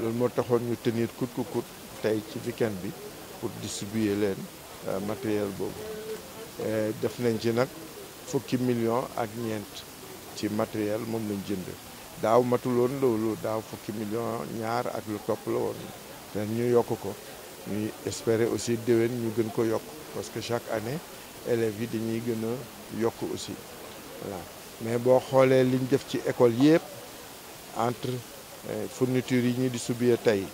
loolu moo taxoon ñu tenir kut que coûte tey ci weekend bi pour distribuer leen euh, matériel boobu euh, def nañ ci nag fukki million ak ñeent ci matériel moom lañ jënd daaw matuloon loolu daaw fukki million ñaar ak lu topp la woon te ñu yokk ko ñuy espérer aussi déwén ñu gën ko yokk parce que chaque année élèves yi dañuy gën a yokk aussi voilà mais boo xoolee liñ def ci école yépp entre Eh, fourniture yi ñu distribué tey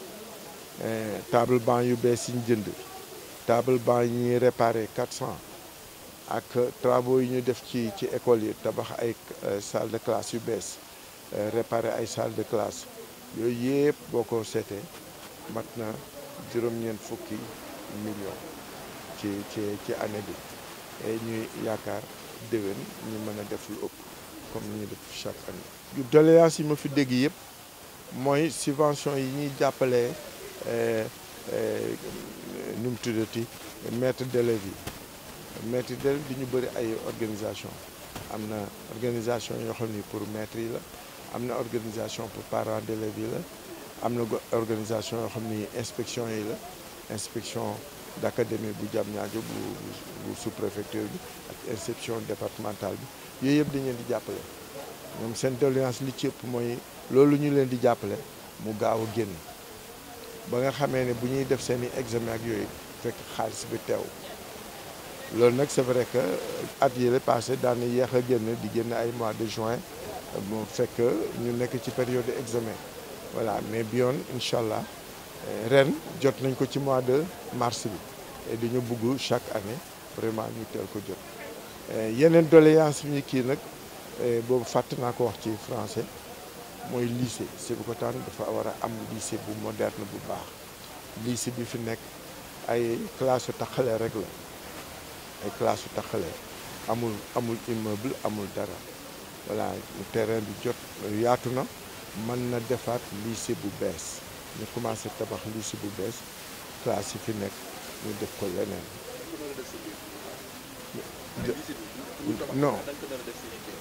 eh, table banc yu bees yi ñu jënd table banc yi ñuy réparé 400 ak trabo yi ñu def ci ci école yi tabax ay eh, salle de classe yu bees réparé ay salle de classe yooyu yëpp boo ko seetee mat na juróom-ñeent fukki million ci ci ci année bi et ñuy yaakaar déwén ñu mën a def lu ëpp comme ni ñu def chaque année. doléances yi ma fi dégg yëpp. moy subvention yi ñuy jàppalee euh, euh mu tuddati maître d'élève yi maître d'élève di ñu bëri ay organisation amna organisation yo pour maître yi la amna organisation pour parents de la ville, organisation yo xamni inspection yi la inspection d'académie bu sous-préfecture bi ak inspection départementale bi dañu di ñoom seen doléance li ci ëpp mooy loolu ñu leen di jappalé mu gaawu a génn ba nga xamé ne bu ñuy def seen i examen ak yoy fekk xaalis bi tew lolu nak c'est vrai que at yële passé daan yéex a génn di génn ay mois de juin mu fekk ñu nekk ci période examen voilà mais bion Inshallah, incha eh, ren jot nañ ko ci mois de mars bi et ñu bugg chaque année vraiment ñu tel ko jot eh, yeneen doléance ñi ki nak eh, boobu fàtte naa ko wax ci français mooy lycée Sébikotane dafa war a am lycée bu moderne bu baax lycée bi fi nekk ay classe yu taxalee rek la ay classe yu taxalee amul amul immeuble amul dara voilà terrain du jot yaatu na mën na defaat lycée bu bees ñu commencé tabax lycée bu bees classe yi fi nekk ñu ko leneen non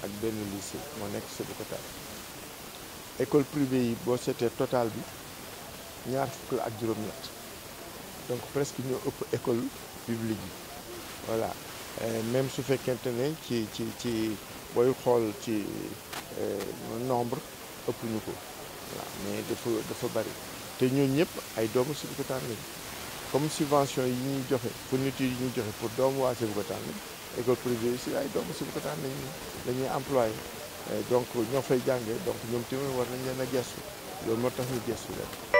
ak ben lycée mo nek nekk Sébikotane école privée yi boo seetee total bi ñaar fukk ak juroom ñett donc presque ñoo ëpp école publique yi voilà euh, même su fekkente ne ci ci ci boy xol ci euh, nombre ëpp ñu ko mais dafa dafa bari te ñooñu ñëpp ay doomu Sébikotane lañu comme subvention yi ñuy joxe fourniture yi ñuy joxe pour doomu waa Sébikotane école privée si ay doomu Sébikotane lañuy la ñuy employé donc ñoo fay jàngee donc ñoom tamit war nañ leen a gestu loolu moo tax ñu gestu leen